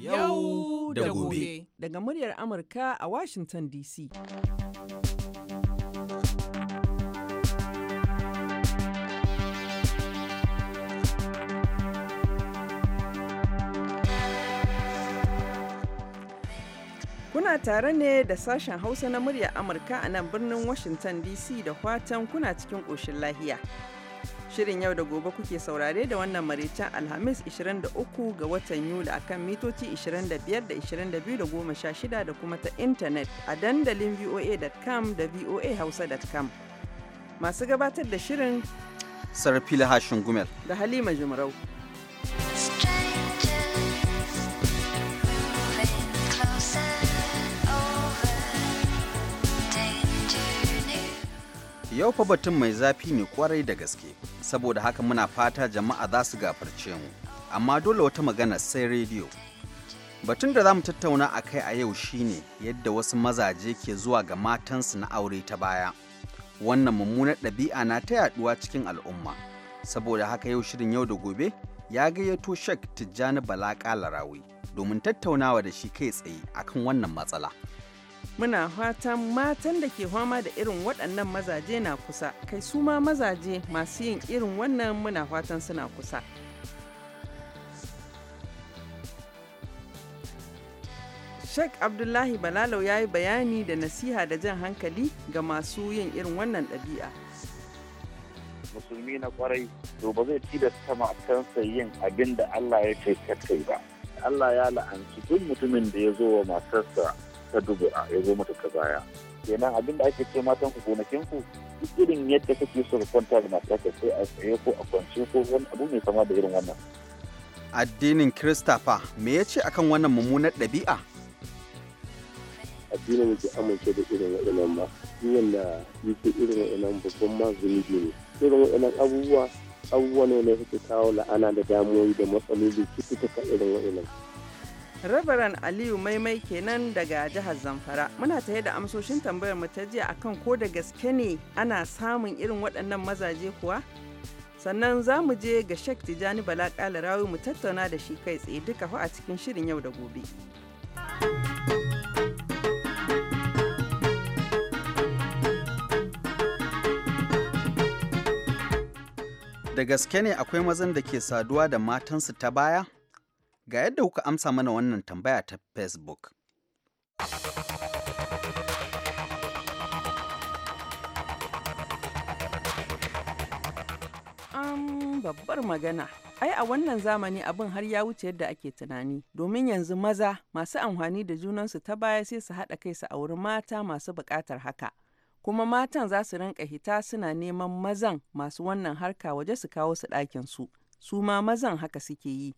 yau da gobe daga muryar amurka a washington dc Kuna tare ne da sashen Hausa na muryar Amurka a nan birnin Washington DC da fatan kuna cikin ƙoshin lahiya. Shirin yau da gobe kuke saurare da wannan maraicen Alhamis 23 ga watan Yuli akan mitoci 25 da 22 da 16 da kuma ta intanet a dandalin voa.com da voahausa.com. Masu gabatar da shirin Sarfila Hashin Gumel da Halima jimarau Yau fa batun mai zafi ne kwarai da gaske, saboda haka muna fata jama'a za su gafarce mu, amma dole wata magana sai rediyo. Batun da za mu tattauna a kai a yau shine yadda wasu mazaje ke zuwa ga matansu na aure ta baya. Wannan mummunar ɗabi'a na ta yaɗuwa cikin al'umma, saboda haka yau shirin yau da gobe ya gayyato Shek Tijjani Bala larawi domin tattaunawa da shi kai tsaye akan wannan matsala. muna fatan matan da ke fama da irin waɗannan mazaje na kusa kai su ma mazaje masu yin irin wannan muna fatan suna kusa Sheikh Abdullahi Balalau ya yi bayani da nasiha da jan hankali ga masu yin irin wannan ɗabi'a. Musulmi na kwarai to ba zai ci tilasta matansa yin abin da Allah ya ce ba. Allah ya la'anci duk mutumin da ya zo wa matarsa ta dubura ya zo mata ta baya kenan abinda ake ce matan ku gonakin ku irin yadda kake so ka kwanta da matar ka sai a tsaye ko a kwance ko wani abu mai kama da irin wannan addinin Christopher me ya ce akan wannan mummunar ɗabi'a addinin ke amince da irin waɗannan ba yin da yake irin waɗannan babban ma zunubi ne irin waɗannan abubuwa abubuwa ne ne suke kawo la'ana da damuwoyi da matsaloli ta irin waɗannan Reverend Aliyu Maimai kenan daga jihar Zamfara. Muna tare da amsoshin tambayar mu ta jiya akan ko da gaske ne ana samun irin waɗannan mazaje kuwa? Sannan za mu je ga Sheikh Tijani Bala rawi mu tattauna da shi kai tsaye duka a cikin shirin yau da gobe. Da gaske ne akwai mazan da ke saduwa da matansu ta baya? ga yadda kuka amsa mana wannan tambaya ta facebook an babbar magana ai a wannan zamani abin har ya wuce yadda ake tunani domin yanzu maza masu amfani da junansu ta baya sai su haɗa kai su auri mata masu buƙatar haka kuma matan za su rinka hita suna neman mazan masu wannan harka waje su kawo su ɗakin su su ma mazan haka suke yi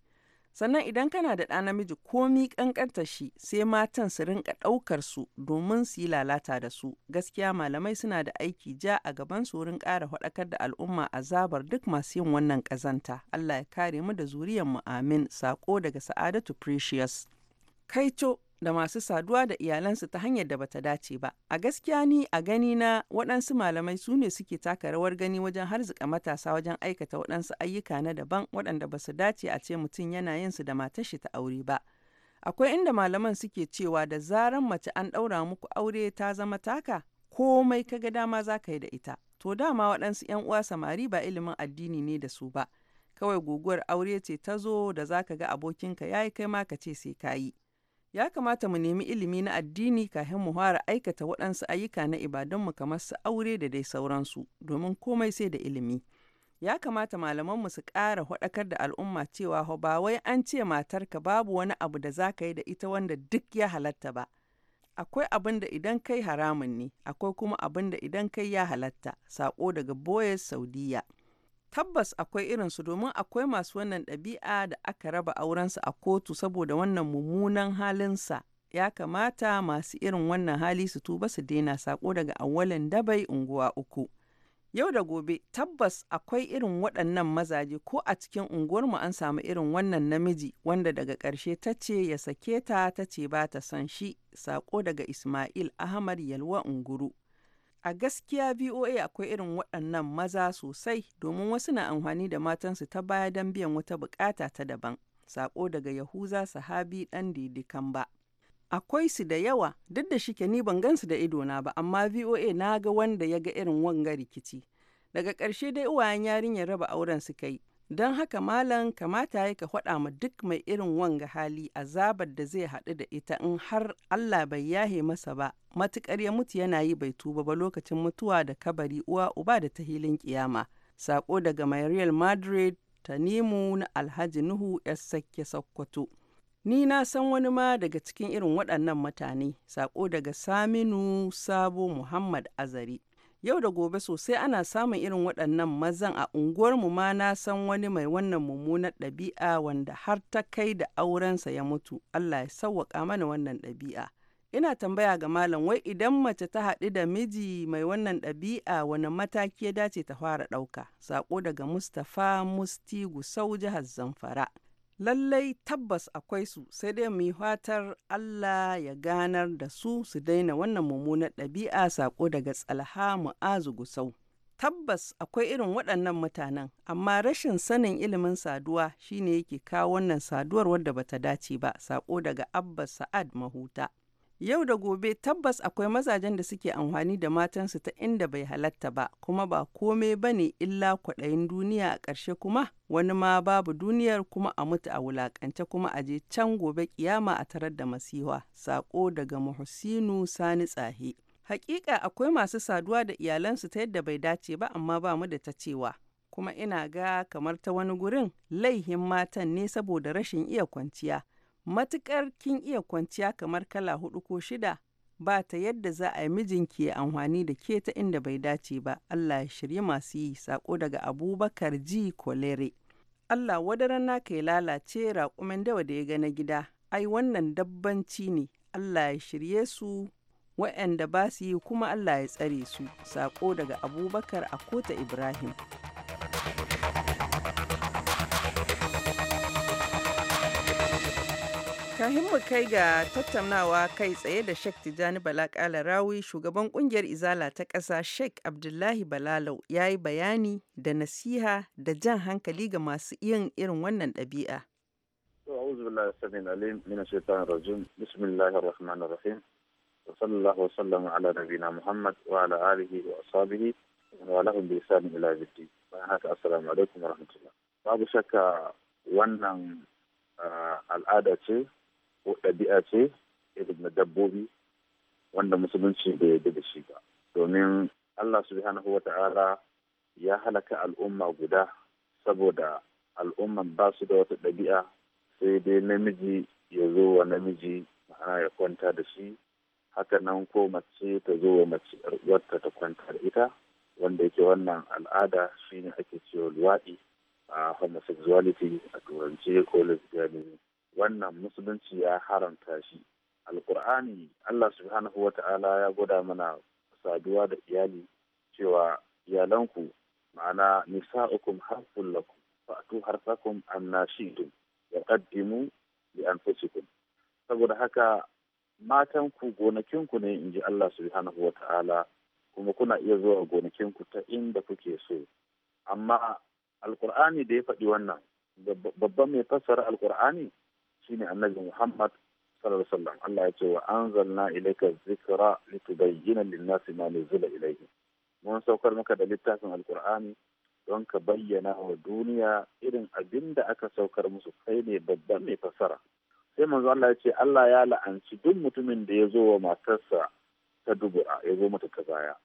sannan idan kana da ɗa namiji komi ƙanƙanta shi sai matan su rinka ɗaukar su domin su yi lalata da su gaskiya malamai suna da aiki ja a gaban su wurin ƙara faɗakar da al'umma azabar duk masu yin wannan ƙazanta Allah ya kare mu da zuriyar mu amin sako daga sa'adatu precious kaito da masu saduwa da iyalansu ta hanyar da bata dace ba a gaskiya ni a gani na waɗansu malamai su ne suke taka rawar gani wajen harzika matasa wajen aikata waɗansu ayyuka na daban waɗanda ba su dace a ce mutum yana yin su da matar shi ta aure ba akwai inda malaman suke cewa da zaran mace an ɗaura muku aure ta zama taka komai ka ga dama za ka yi da ita to dama waɗansu 'yan uwa samari ba ilimin addini ne da su ba kawai guguwar aure ce ta zo da za ka ga abokinka ya yi kai ma ka ce sai ka yi Ya kamata mu nemi ilimi na addini kafin mu fara aikata waɗansu ayyuka na ibadunmu kamar su aure da dai sauransu, domin komai sai da ilimi. Ya kamata malamanmu su ƙara faɗakar da al'umma cewa ba wai an ce matarka babu wani abu da za ka yi da ita wanda duk ya halatta ba. akwai abin da idan kai haramun ne akwai kuma abin da idan kai ya halatta sako daga boyes saudiya tabbas akwai irinsu domin akwai masu wannan ɗabi'a da aka raba aurensu a kotu saboda wannan mummunan halinsa ya kamata masu irin wannan hali su tuba su daina sako daga awalin dabai unguwa uku yau da gobe tabbas akwai irin waɗannan mazaje ko a cikin unguwarmu an samu irin wannan namiji wanda daga ƙarshe ta ce ya sake ta ta ce ba ta son shi sako daga ismail ahmad yalwa unguru A gaskiya VOA akwai irin waɗannan maza sosai domin wasu na amfani da matansu ta baya don biyan wata bukata ta daban. Sako daga Yahuza Sahabi ɗan didikan ba. Akwai su da yawa duk da shike ni ban gansu da idona ba amma VOA na ga wanda ya ga irin wanga rikici. Daga ƙarshe dai uwayen yarinyar raba auren suka yi Don haka malam kamata ya ka faɗa ma duk mai irin wanga hali azabar da zai haɗu da ita in har Allah bai yahe masa ba, matuƙar ya mutu yana yi bai tuba ba lokacin mutuwa da kabari uwa uba da ta hilin kiyama. Sako daga real Madrid, Tanimu na Alhaji Nuhu, 'yar sakke sakkwato Ni na san wani ma daga cikin irin waɗannan mutane, sako daga Saminu Sabo Muhammad Azari. yau da gobe sosai ana samun irin waɗannan mazan a unguwarmu ma na san wani mai wannan mummunar ɗabi'a wanda har ta kai da aurensa ya mutu Allah ya sauwaƙa mana wannan ɗabi'a ina tambaya ga malam wai idan mace ta haɗu da miji mai wannan ɗabi'a wani mataki ya dace ta fara ɗauka sako daga Mustapha Musti Gusau jihar Zamfara lallai tabbas akwai su sai dai mu yi fatar Allah ya ganar da su su daina wannan mummunar ɗabi'a sako daga tsalha mu'azu gusau tabbas akwai irin waɗannan mutanen amma rashin sanin ilimin saduwa shine yake kawo wannan saduwar wadda bata dace ba sako daga abbas sa'ad mahuta Yau da gobe tabbas akwai mazajen da suke amfani da matansu ta inda bai halatta ba, kuma ba komai ba ne illa kwaɗayin duniya a ƙarshe kuma wani ma babu duniyar kuma a mutu a wulaƙance kuma a je can gobe kiyama a tarar da masiwa. saƙo daga Muhsinu Sani tsahi. Hakika akwai masu saduwa da iyalansu ta yadda bai dace ba amma ba mu da ta cewa. Kuma ina ga kamar ta wani gurin laihin matan ne saboda rashin iya kwanciya. matuƙar kin iya kwanciya kamar kala hudu ko shida ba ta yadda za a yi mijinki ya amfani da ke ta inda bai dace ba Allah ya shirye masu yi sako daga Abubakar ji Kolere. Allah wadaran na kai lalace raƙumin dawa da ya ga na gida ai wannan dabbanci ne Allah ya shirye su wa'anda ba su yi kuma Allah ya tsare su sako daga Abubakar a kota Ibrahim. kahin mu kai ga tattaunawa kai tsaye da Sheikh Tijjani Bala rawi shugaban kungiyar Izala ta ƙasa Sheikh Abdullahi Balalau ya yi bayani da nasiha da jan hankali ga masu yin irin wannan ɗabi'a. أعوذ بالله السميع العليم من الشيطان الرجيم بسم الله الرحمن الرحيم وصلى الله وسلم على نبينا محمد وعلى آله وأصحابه ولهم بإحسان إلى الدين السلام عليكم ورحمة الله babu shakka wannan ah, al'ada ce ko ɗabi'a ce irin na dabbobi wanda musulunci bai yarda da shi ba domin Allah subhanahu wa ta'ala ya halaka al'umma guda saboda al'umman ba su da wata ɗabi'a sai dai namiji ya zo wa namiji ma'ana ya kwanta da shi Haka nan ko mace ta zo wa mace wata ta kwanta da ita wanda yake wannan al'ada shine ake cewa luwaɗi a homosexuality a turance ko lesbianism wannan musulunci ya haramta shi alkur'ani allah subhanahu wa ta'ala ya gwada mana saduwa da iyali cewa iyalanku ma'ana nisa'ukum harfun lakum fa'atu shi annashidun ya qaddimu li anfusikum saboda haka matanku gonakinku ne in ji allah subhanahu wa ta'ala kuma kuna iya zuwa gonakinku ta inda kuke so amma alkur'ani da ya faɗi wannan babban mai fassara alkur'ani shine annabi Muhammad sallallahu alaihi wasallam Allah ya ce wa anzalna ilayka dhikra litubayyana lin-nasi ma nuzila ilayhi mun saukar maka da littafin alqur'ani don ka bayyana wa duniya irin abin da aka saukar musu kai ne babban mai fasara sai manzo Allah ya ce Allah ya la'anci duk mutumin da ya zo wa matarsa ta dubura ya zo mata ta baya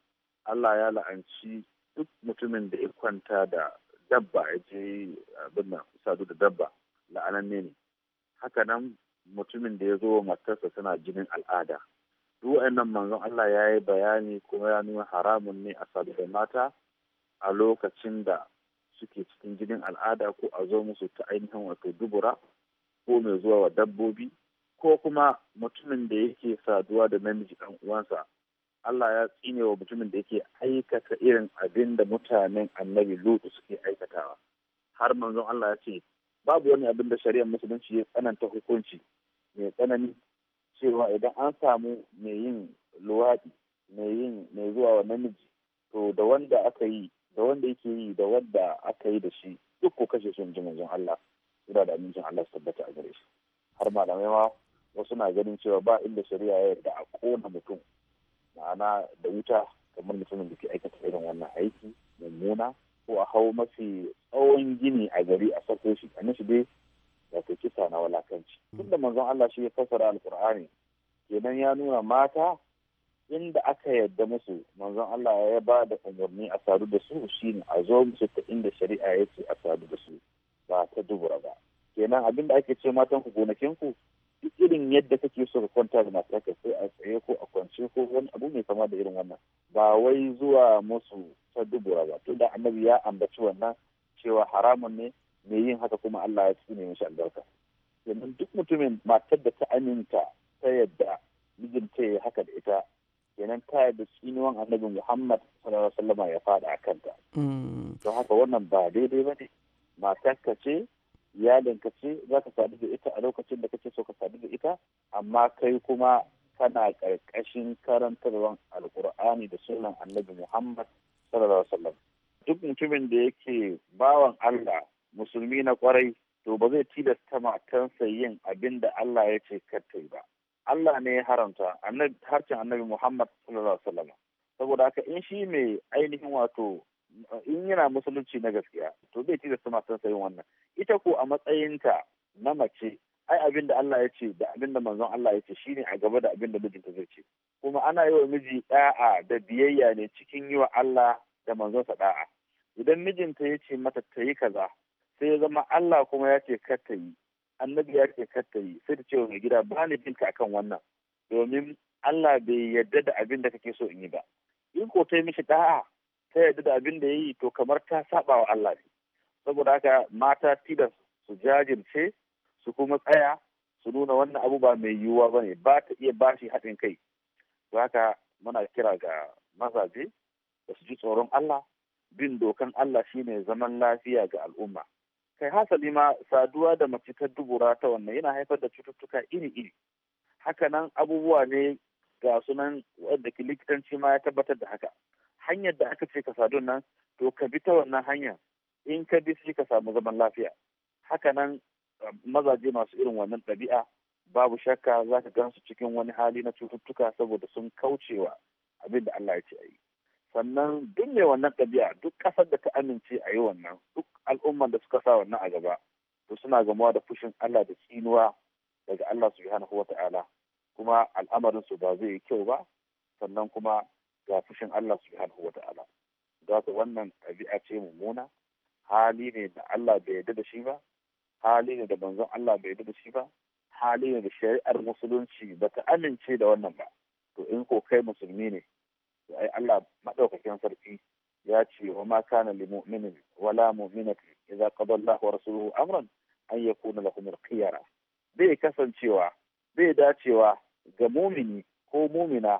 Allah ya la'anci duk mutumin da ya kwanta da dabba ya je abin nan sadu da dabba la'ananne ne hakanan mutumin da ya zo matarsa suna jinin al'ada duk wa'annan manzon Allah ya yi bayani kuma ya nuna haramun ne a sadu da mata a lokacin da suke cikin jinin al'ada ko a zo musu ta ainihin wato dubura ko mai zuwa wa dabbobi ko kuma mutumin da yake saduwa da namiji ɗan uwansa Allah ya tsine wa mutumin da yake aikata irin abin da mutanen annabi Lutu suke aikatawa har manzon Allah ya ce babu wani abin da shari'ar musulunci ya tsananta hukunci mai tsanani cewa idan an samu mai yin luwaɗi mai yin mai zuwa wa namiji to da wanda aka yi da wanda yake yi da wanda aka yi da shi duk ko kashe sun jin wajen Allah suna da amincin Allah su tabbata a gare shi har malamai ma wasu na ganin cewa ba inda shari'a ya yarda a kona mutum ma'ana da wuta kamar mutumin da ke aikata irin wannan aiki mummuna ko a hau mafi tsawon gini a gari a sako shi a nashi dai ta kisa na walakanci hmm. da manzon Allah shi ya fassara Alƙur'ani. kenan ya nuna mata inda aka yadda musu manzon Allah ya ba da umarni a sadu da su shi ne a zo musu ta inda shari'a ya ce a sadu da su ba ta dubura ba kenan abin da ake ce matan ku gonakin ku duk irin yadda kake so ka kwanta da masu ka sai a tsaye ko a kwance ko wani abu mai kama da irin wannan ba wai zuwa musu ta dubura ba tunda annabi ya ambaci wannan cewa haramun ne mai yin haka kuma Allah ya tsine mishi albarka domin duk mutumin matar da ta aminta ta yadda mijinta ya haka da ita kenan ta yadda tsinuwan annabi Muhammad sallallahu alaihi wasallam ya fada a kanta to mm. haka wannan ba daidai bane matarka ce iyalinka ce za ka sadu da ita a lokacin da kake so ka sadu da ita amma kai kuma kana ƙarƙashin karantarwar alkur'ani da sunan annabi muhammad sallallahu alaihi wasallam duk mutumin da yake bawan allah musulmi na kwarai to ba zai tilasta matansa yin abin da allah ya ce kattai ba allah ne ya haramta harcin annabi muhammad sallallahu alaihi wasallam saboda haka in shi mai ainihin wato in yana musulunci na gaskiya to bai su masu sayin wannan ita ko a matsayinta na mace ai abin da Allah ya ce da abin da manzon Allah ya ce shine a gaba da abin da mijinta zai ce kuma ana yi wa miji da'a da biyayya ne cikin yi wa Allah da sa da'a idan mijinta ya ce mata ta yi kaza sai ya zama Allah kuma ya ce kar ta yi annabi ya ce kar ta yi sai ta ce wa mai gida ba ni binka akan wannan domin Allah bai yarda da abin da kake so in yi ba in ko ta yi mishi da'a ta yarda da abin da ya yi to kamar ta saba wa Allah ne saboda haka mata tilas su jajirce su kuma tsaya su nuna wannan abu ba mai yiwuwa ba ne ba ta iya bashi haɗin kai to haka muna kira ga mazaje da su ji tsoron Allah bin dokan Allah shine zaman lafiya ga al'umma kai hasali ma saduwa da mace ta dubura ta wannan yana haifar da cututtuka iri-iri hakanan abubuwa ne ga sunan wadda likitanci ma ya tabbatar da haka hanyar da aka ce ka sadu nan to ka bi ta wannan hanya in ka bi sai ka samu zaman lafiya hakanan um, mazaje masu irin wannan ɗabi'a babu shakka za ka gansu cikin wani hali na cututtuka saboda sun kaucewa abin da Allah ya ce a yi sannan duk mai wannan ɗabi'a duk ƙasar da ka amince a yi wannan duk al'umman da suka sa wannan a gaba to suna gamuwa da fushin Allah da tsinuwa daga Allah subhanahu wa ta'ala kuma al'amarin su ba zai yi kyau ba sannan kuma ga fushin Allah subhanahu wa ta'ala za ta wannan ɗabi'a ce mummuna hali ne da Allah bai yarda da shi ba hali ne da manzon Allah bai yarda da shi ba hali ne da shari'ar musulunci ba ta amince da wannan ba to in ko kai musulmi ne to ai Allah madaukakin sarki ya ce wa ma kana lil mu'minin wala mu'minatin idza qada Allah wa rasuluhu amran an yakuna lahum al-khiyara bai kasancewa bai dacewa ga mumini ko mumina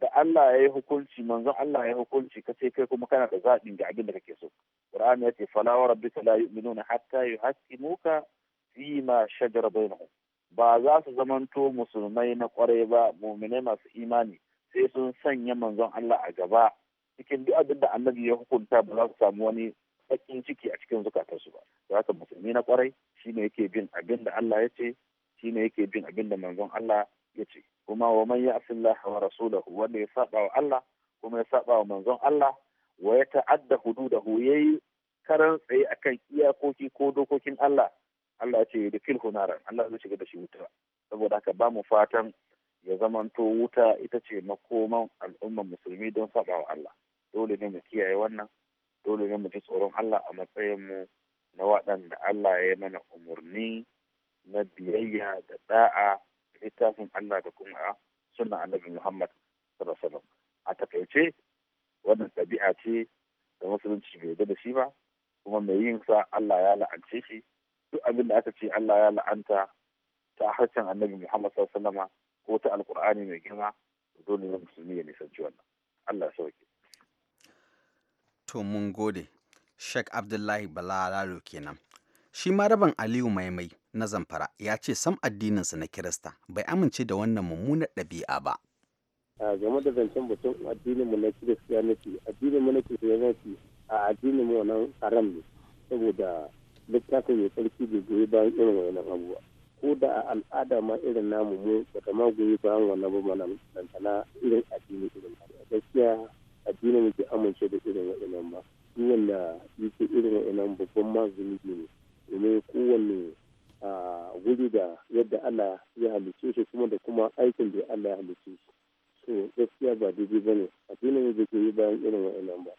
da Allah ya yi hukunci manzon Allah ya yi hukunci ka sai kai kuma kana da zaɓin ga abin da kake so Qur'ani ya ce fala wa rabbika la yu'minuna hatta yuhaqqimuka fi ma shajara bainahum ba za su zamanto musulmai na kwarai ba mu'minai masu imani sai sun sanya manzon Allah a gaba cikin duk abin da annabi ya hukunta ba za su samu wani bakin ciki a cikin zukatansu ba za ka musulmi na kwarai shine yake bin abin da Allah ya ce shine yake bin abin da manzon Allah ya ce kuma wa man ya'si Allah wa rasulahu wanda ya saba wa Allah kuma ya saba wa manzon Allah wa ya ta'adda hududahu yayi karan tsaye akan iyakoki ko dokokin Allah Allah ce da fil hunaran Allah zai shiga da shi wuta saboda haka ba mu fatan ya zamanto wuta ita ce makoman al'umman musulmi don saba wa Allah dole ne mu kiyaye wannan dole ne mu ji tsoron Allah a matsayin mu na waɗanda Allah ya yi mana umarni na biyayya da da'a littafin Allah da kuma suna annabi Muhammad sallallahu alaihi wasallam a takaice wannan ɗabi'a ce da musulunci bai yarda da shi ba kuma mai yin sa Allah ya la'ance shi duk abin da aka ce Allah ya la'anta ta harshen annabi Muhammad sallallahu alaihi wasallam ko ta alkur'ani mai girma dole ne musulmi ya nisanci wannan Allah ya sauke to mun gode Sheikh Abdullahi Balalo kenan shi ma rabin Aliyu Maimai na zamfara ya ce sam addininsa na kirista bai amince da wannan mummunar ɗabi'a ba a game da zancen batun addinin mu na kiristiyaniti addinin mu na kiristiyaniti a addinin mu nan haram ne saboda littafin mai tsarki bai goyi bayan irin wannan abubuwa ko da a al'ada ma irin namu mu ta ma goyi bayan wannan ba mana tantana irin addini irin gaskiya addinin mu bai amince da irin wannan ba duk wanda yake irin wannan babban ma ne domin kowanne guri da yadda Allah ya halicce shi kuma da kuma aikin da Allah ya halicce shi to gaskiya ba daidai ba ne addinin da ke yi bayan irin wa'annan ba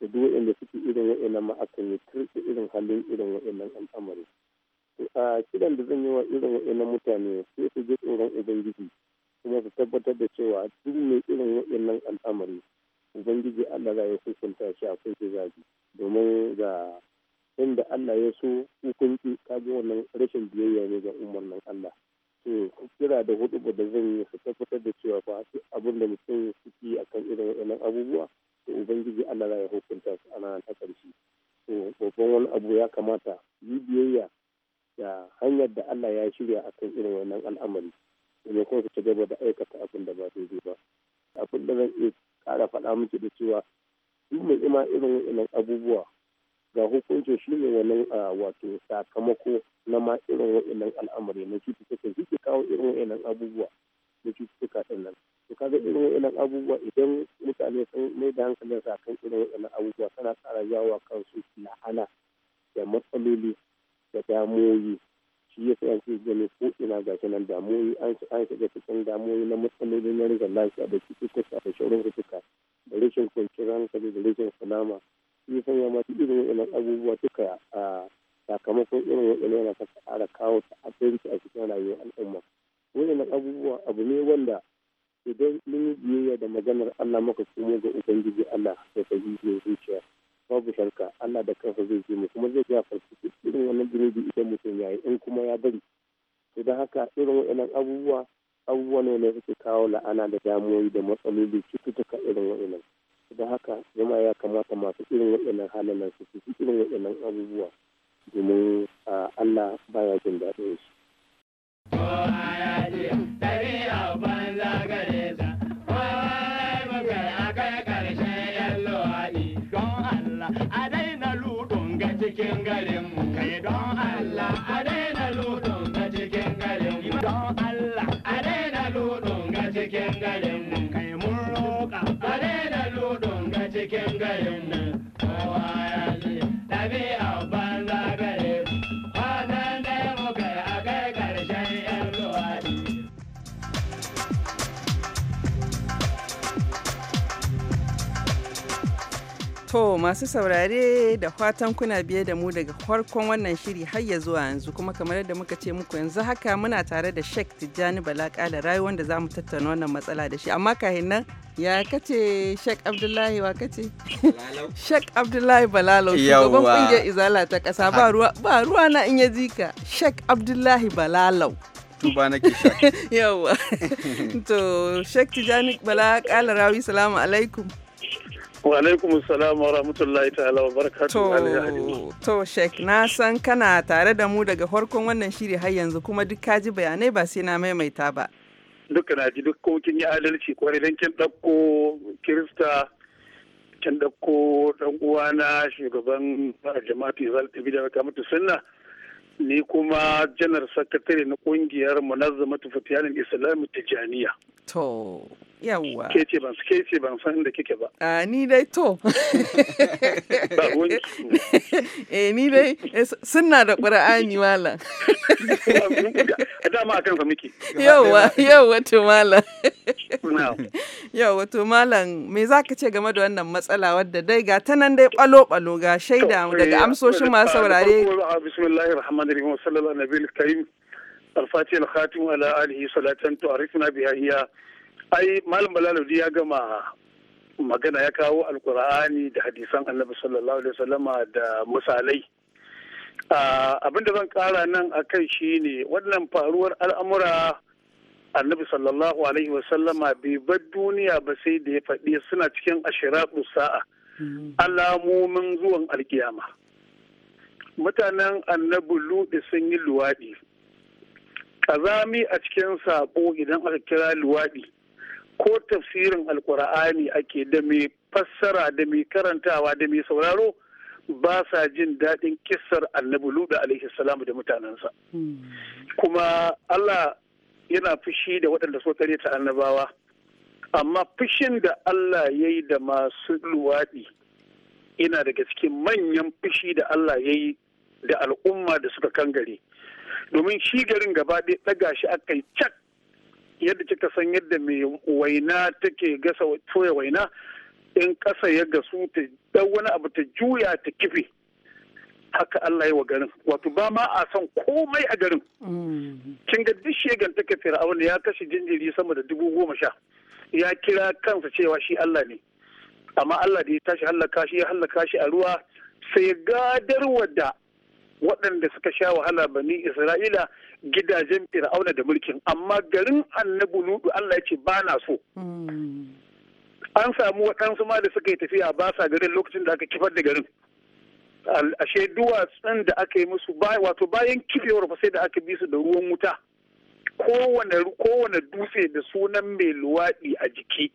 da duk wa'anda suke irin wa'annan ma aka yi turke irin halin irin wa'annan al'amari to a kiran da zan yi wa irin wa'annan mutane sai su ji tsoron ubangiji kuma su tabbatar da cewa duk mai irin wa'annan al'amari ubangiji Allah za ya hukunta shi a kunshi zaji domin ga inda Allah ya so hukunci ki wannan rashin biyayya ne ga umarnin Allah to kira da hudu da zan yi su tabbatar da cewa ba su abin da mutum a akan irin waɗannan abubuwa to ubangiji Allah ya hukunta su ana ta ƙarshe to babban wani abu ya kamata yi biyayya da hanyar da Allah ya shirya akan irin wannan al'amari ne kuma su ci gaba da aikata abin da ba daidai ba abin da zan iya ƙara faɗa miki da cewa duk mai ima irin waɗannan abubuwa ga hukunci shi ne wani wato sakamako na ma irin wa'annan al'amari na cututtuka shi ke kawo irin wa'annan abubuwa na cututtuka ɗin nan to kaga irin wa'annan abubuwa idan mutane sun mai da hankalin sa kan irin wa'annan abubuwa tana ƙara jawo kansu lahana da matsaloli da damuwoyi shi ya sa yanzu gani ko ina ga shi nan damuwoyi an an shiga cikin damuwoyi na matsaloli na rigar lafiya da cututtuka da shaurin cututtuka da rashin kwanciyar hankali da rashin salama yi sanya masu irin waɗannan abubuwa duka a sakamakon irin waɗannan yana ƙara kawo ta'addanci a cikin rayuwar al'umma waɗannan abubuwa abu ne wanda idan mun yi biyayya da maganar Allah maka komo ga ubangiji Allah da sahihi zuciya babu sharka Allah da kansa zai ji mu kuma zai farko irin wannan zunubi idan mutum ya yi in kuma ya bari idan haka irin waɗannan abubuwa abubuwa ne ne suke kawo la'ana da damuwa da matsaloli cututtuka irin waɗannan da haka jama'a ya kamata masu irin waɗannan halayen su su irin waɗannan abubuwa domin ah, Allah baya jin daɗin su. To masu saurare da fatan kuna biye da mu daga farkon wannan shiri har ya zuwa yanzu kuma kamar yadda muka ce muku yanzu haka muna tare da Sheikh Tijjani Balaka da rayu wanda za mu tattauna wannan matsala da shi amma kahin nan ya kace Sheikh Abdullahi wa kace Sheikh Abdullahi Balalo shugaban kungiyar Izala ta kasa ba ruwa ba ruwa na in ya jika Sheikh Abdullahi Balalo tuba nake shak yawa to Sheikh Tijjani Balaka rawi salamu alaikum Wa alaikum salam wa rahmatullahi ta'ala wa To, na san kana tare da mu daga farkon wannan shiri har yanzu kuma duk ka ji bayanai ba sai na maimaita ba. Duka na ji duk kuma kin yi adalci kwarai don kin ɗauko Kirista kin ɗauko ɗan uwana shugaban jama'atu zal ɗabi da mutu sunna ni kuma janar sakatare na ƙungiyar munazzamatu fatiyanin islamu tijaniya. To. Yawwa. Ke ce ban ke ce ban san da kike ba. A ni dai to. Ba wani. Eh ni dai eh, sunna da Qur'ani malam. Dama akan fa miki. Yawwa yawwa to malam. Yawwa to malam me zaka ce game da wannan matsala wadda dai ga ta nan dai balo balo ga shaida daga eh, amsoshin masu saurare. Bismillahir Rahmanir Rahim sallallahu alaihi wa sallam. al-fatih الفاتح الخاتم على آله صلاة تعرفنا biha هي ai malam balaludi ya gama magana ya kawo alkur'ani da hadisan annabi sallallahu alaihi wasallama da misalai abin da zan kara nan a kai shi ne wannan faruwar al'amura annabi sallallahu alaihi wasallama bai bar duniya ba sai da ya faɗi suna cikin ashiratu sa'a hmm. alamomin zuwan alkiyama mutanen annabi luɗe sun yi luwaɗi ƙazami a cikin saƙo idan aka kira luwaɗi ko tafsirin alkur'ani ake da mai fassara da mai karantawa da mai sauraro ba sa jin daɗin kisar annabi luɗa alaihi salamu da mutanensa kuma allah yana fushi da waɗanda so kare ta annabawa amma fushin da allah ya yi da masu luwaɗi yana daga cikin manyan fushi da allah ya yi da al'umma da suka kangare domin shi garin gaba ɗaya ɗaga shi aka yi cak yadda kika san yadda mai waina take gasa soya waina in ƙasa ya gasu ta dan wani abu ta juya ta kife haka Allah ya wa garin wato ba ma a san komai a garin mm-hmm. kin ga duk shegan take fir'auna ya kashe jinjiri sama da dubu goma sha ya kira kansa cewa shi Allah ne amma Allah da ya tashi halaka shi ya hallaka shi a ruwa sai gadarwa da waɗanda suka sha wahala bani isra'ila gidajen fir'auna da mulkin amma garin annabi nudu allah ya ce ba na so hmm. an samu waɗansu ma da suka yi tafiya ba sa garin lokacin da aka kifar da garin ashe duwatsun da aka yi musu wato bayan kifewar fa sai da aka bi su da ruwan wuta kowane dutse da sunan mai luwaɗi a jiki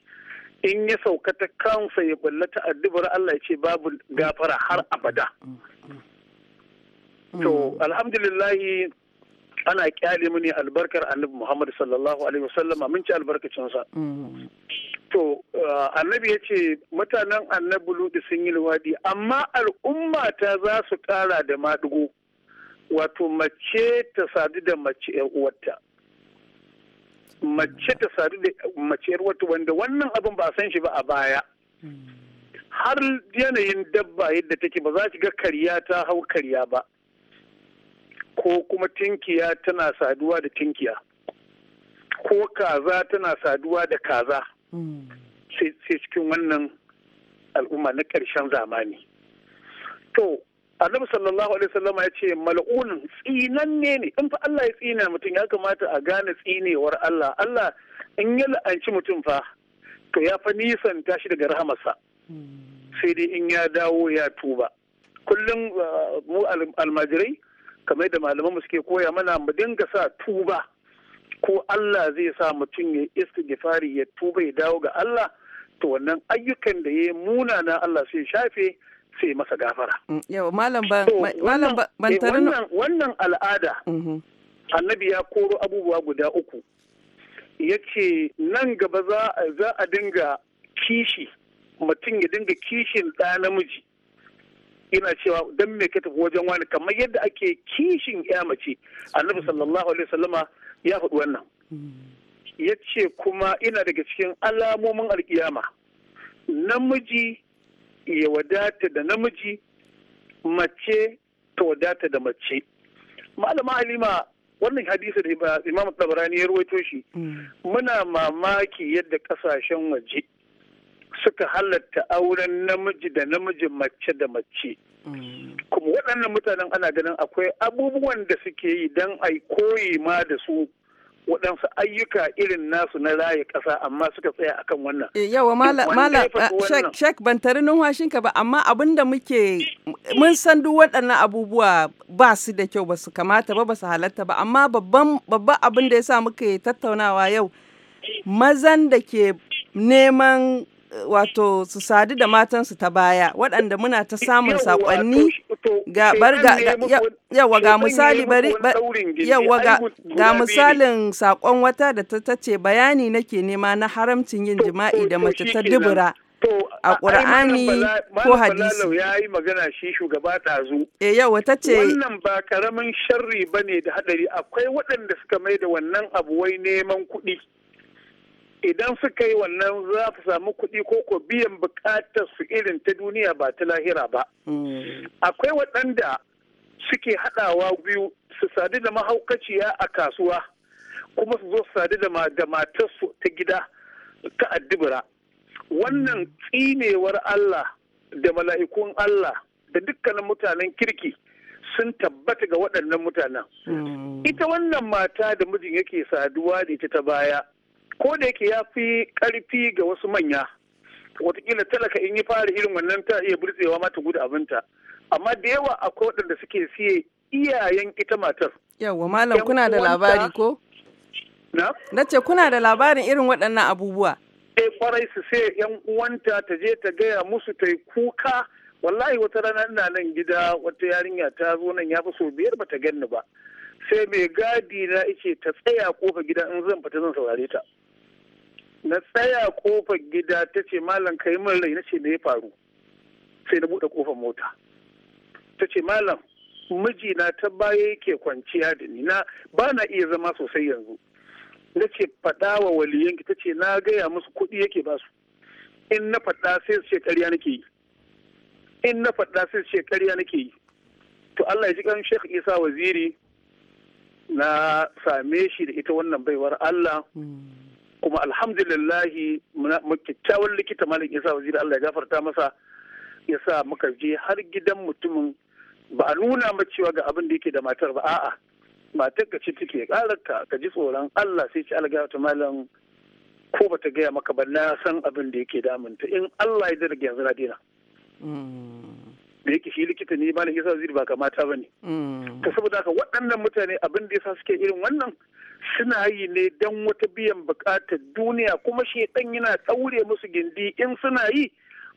in ya sauka ta kansa ya ballata addubar Allah ya ce babu gafara har abada hmm. Hmm. to hmm. alhamdulillahi ana kyale mini albarkar annabi Muhammad sallallahu alaihi wasallama mun ci sa hmm. To uh, annabi ya ce mutanen annabi ludi sun yi luwadi amma al'umma ta za su kara da madugo wato mace ta sadu da mace yar uwarta. Mace ta sadu da mace yar uwarta wanda wannan abin ba san shi ba a baya. Hmm. Har yanayin dabba yadda take ba za ki ga karya ta hau karya ba. ko kuma tinkiya tana saduwa da tinkiya ko kaza tana saduwa da kaza sai cikin wannan al'umma na ƙarshen zamani to annabi sallallahu alaihi wasallam ya ce mal'unin tsinanne ne in fa Allah ya tsina mutum ya kamata a gane tsinewar Allah Allah in ya la'anci mutum fa to ya fa nisan tashi daga rahamarsa sai dai in ya dawo ya tuba kullum uh, mu almajirai kamar da malaman suke koya mana mu dinga sa tuba ko Allah zai sa mutum ya istighfari ya tuba ya dawo ga Allah to wannan ayyukan da ya muna na Allah sai shafe sai masa gafara. malam ban wannan al'ada mm-hmm. annabi ya koro abubuwa guda uku ya nan gaba za a dinga kishi mutum ya dinga kishin ɗa namiji ina cewa dan me ka tafi wajen wani kamar yadda ake kishin ya mace annabi sallallahu alaihi wasallama ya faɗi wannan ya ce kuma ina daga cikin alamomin alkiyama namiji ya wadata da namiji mace ta wadata da mace malama halima wannan hadisi da imam tabarani ya ruwaito shi mm. muna mamaki yadda kasashen waje suka halatta auren namiji da namiji mace da mace kuma waɗannan mutanen ana ganin akwai abubuwan da suke yi don a koyi ma da su waɗansu ayyuka irin nasu na raye ƙasa amma suka tsaya akan wannan. Eh, yawa mala ah, shek ban tari numfashinka ba amma abin da muke mun san duk waɗannan abubuwa ba su da kyau ba su kamata ba ba su halatta ba amma babban abin da ya sa muke tattaunawa yau mazan da ke neman wato su sadu da matansu ta baya waɗanda muna ta samun saƙonni ga yawa ga misali bari yawa ga misalin saƙon wata da ta tace bayani nake nema na haramcin yin jima'i da mace ta dubura a ƙur'ani ko hadisi ya yi magana shi shugaba tazu e eh, yawa ta ce wannan ba karamin sharri bane da hadari akwai waɗanda suka mai da wannan abu wai neman kuɗi idan suka yi wannan za su samu kuɗi ko ko biyan bukatar su irin ta duniya ba ta lahira ba. Akwai waɗanda suke haɗawa biyu su sadu da mahaukaciya a kasuwa kuma su zo su sadu da matarsu ta gida ta addubura. Wannan tsinewar Allah da mala'ikun Allah da dukkanin mutanen kirki sun tabbata ga waɗannan mutanen. Hmm. Ita wannan mata da mijin yake saduwa ne ita ta baya. ko da yake ya fi karfi ga wasu manya watakila talaka in yi fara irin wannan ta iya burtsewa ma ta gudu abinta amma da yawa akwai waɗanda suke siye iyayen ita matar yawa malam kuna da labari ko na nace kuna da labarin irin waɗannan abubuwa eh kwarai su sai yan uwanta ta je ta gaya musu ta kuka wallahi wata rana ina nan gida wata yarinya ta zo nan ya fi so biyar bata ganni ba sai mai gadi na ice ta tsaya kofa gida in zan fita zan saurare ta na tsaya kofar gida ta ce malam kai min rai na ce me ya faru sai na buɗe kofar mota ta ce malam mijina ta baya yake kwanciya da ni na ba na iya zama sosai yanzu na ce faɗa wa waliyanki ta ce na gaya musu kuɗi yake ba su in na faɗa sai su ce ƙarya nake yi in na faɗa sai su ce ƙarya nake yi to Allah ya ji kan Sheikh Isa Waziri na same shi da ita wannan baiwar Allah hmm. kuma alhamdulillahi kyakkyawan likita malik isa waziri allah ya gafarta masa ya sa muka je har gidan mutumin ba a nuna ma cewa ga abin da yake da matar ba a'a matar ka ce take ƙarar ka ka ji tsoron allah sai ci alga ta malam ko bata gaya maka ba na san abin da yake damunta in allah ya dirga yanzu na dina hmm. da yake shi likita ne malam yasa ziri ba kamata ba ne. Mm. saboda haka waɗannan mutane abin da yasa suke irin wannan suna yi ne don wata biyan buƙatar duniya kuma shi ɗan yana ɗaure musu gindi in suna yi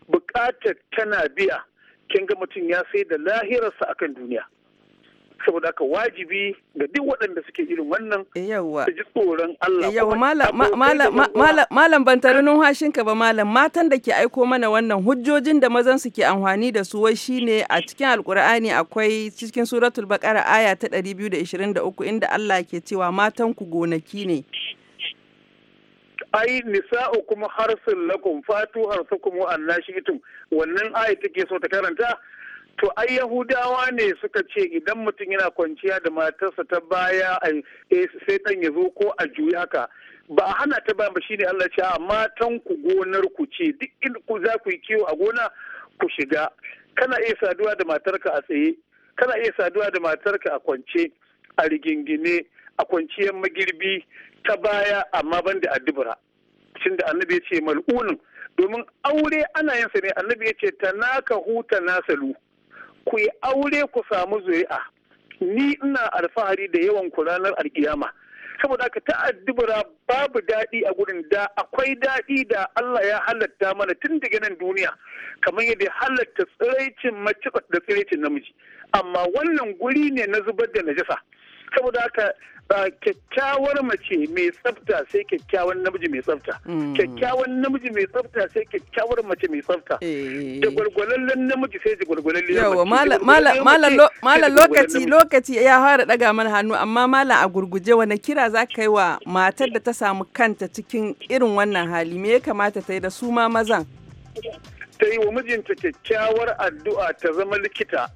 buƙatar tana biya. Kin ga mutum ya sai da lahirarsa akan duniya. saboda haka wajibi ga duk waɗanda suke irin wannan eh, su ji tsoron Allah eh, yawa malam ban tare numfashinka ba malam matan da ke aiko mana wannan hujjojin da mazan su ke amfani da su wai shine a cikin alkur'ani akwai cikin suratul baqara aya ta 223 inda Allah ke cewa matan ku gonaki ne ai kuma harsun lakum fatu harsukum wa wannan aya take so ta karanta To ai Yahudawa ne suka ce idan mutum yana kwanciya da matarsa ta baya eh, sai ɗan ya zo ko a juya haka. Ba a hana ta ba shine Allah ce a matan ku gonar ku ce duk in ku za ku yi kiwo a gona ku shiga. Kana iya saduwa da matarka a tsaye, kana iya saduwa da matarka a kwance, a rigingine, a kwanciyar magirbi ta baya amma ban da addubura. Shin da annabi ya ce mal'unin domin aure ana yin sa ne annabi ya ce naka huta nasalu. ku yi aure ku samu zuri'a ni ina alfahari da yawan ku ranar alkiyama saboda ka ta'addubura babu daɗi a gurin da akwai daɗi da Allah ya halatta mana tun daga nan duniya kamar yadda halatta tsiraicin mace da tsiraicin namiji amma wannan guri ne na zubar da najasa saboda haka kyakkyawar mace mai tsafta sai kyakkyawan namiji mai tsafta hmm. kyakkyawan namiji mai tsafta sai kyakkyawar mace mai tsafta eh. da gwargwalallen namiji sai da gwargwalallen yawa malam lokaci lokaci ya fara daga mana hannu amma malam a gurguje wani kira za ka yi wa matar da ta samu kanta cikin irin wannan hali me ya kamata ta yi da su ma mazan ta yi wa mijinta kyakkyawar addu'a ta zama likita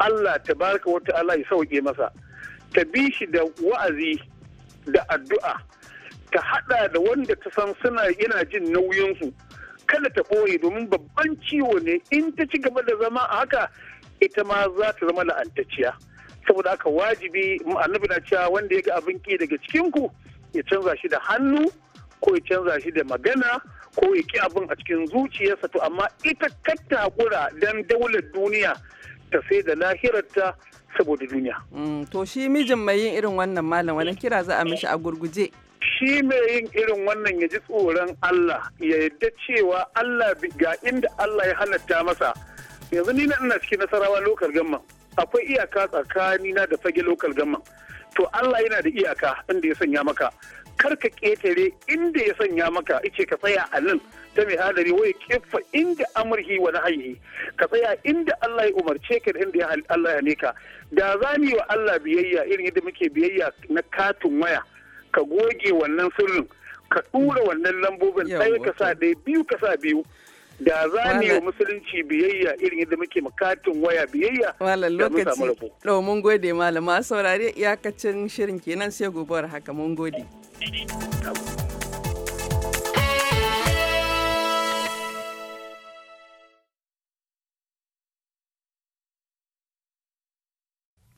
Allah ta baraka wata Allah ya sauke masa ta bi shi da wa'azi da addu'a ta hada da wanda ta san suna yana jin nauyinsu kada ta ɓoye domin babban ciwo ne in ta ci gaba da zama a haka ita ma za ta zama la'antaciya saboda aka wajibi annabi na cewa wanda ya ga abin ki daga cikinku ya canza shi da hannu ko ya canza shi da magana ko ya ki abin a cikin zuciyarsa to amma ita kata gura dan daular duniya ta sai da lahirarta saboda duniya. Mm, to shi mijin mai yin irin wannan malam wani kira za a mishi a gurguje. Shi mai yin irin wannan ya ji tsoron Allah ya yadda cewa Allah ga inda Allah ya halatta masa. Yanzu ni na ina cikin nasarawa lokal gamman akwai iyaka tsakanina da fage lokal gamman. To Allah yana da iyaka inda ya sanya maka. Kar ka ƙetare inda ya sanya maka ice ka tsaya a nan. ta mai hadari wai kifa inda amurhi wa nahayi ka tsaya inda Allah ya umarce ka inda Allah ya neka da za mu yi wa Allah biyayya irin yadda muke biyayya na katin waya ka goge wannan sirrin ka dura wannan lambobin ɗaya ka sa ɗaya biyu ka sa biyu da za mu yi musulunci biyayya irin yadda muke makatin waya biyayya wala lokaci to mun gode malama saurare iyakacin shirin kenan sai gobe haka mun gode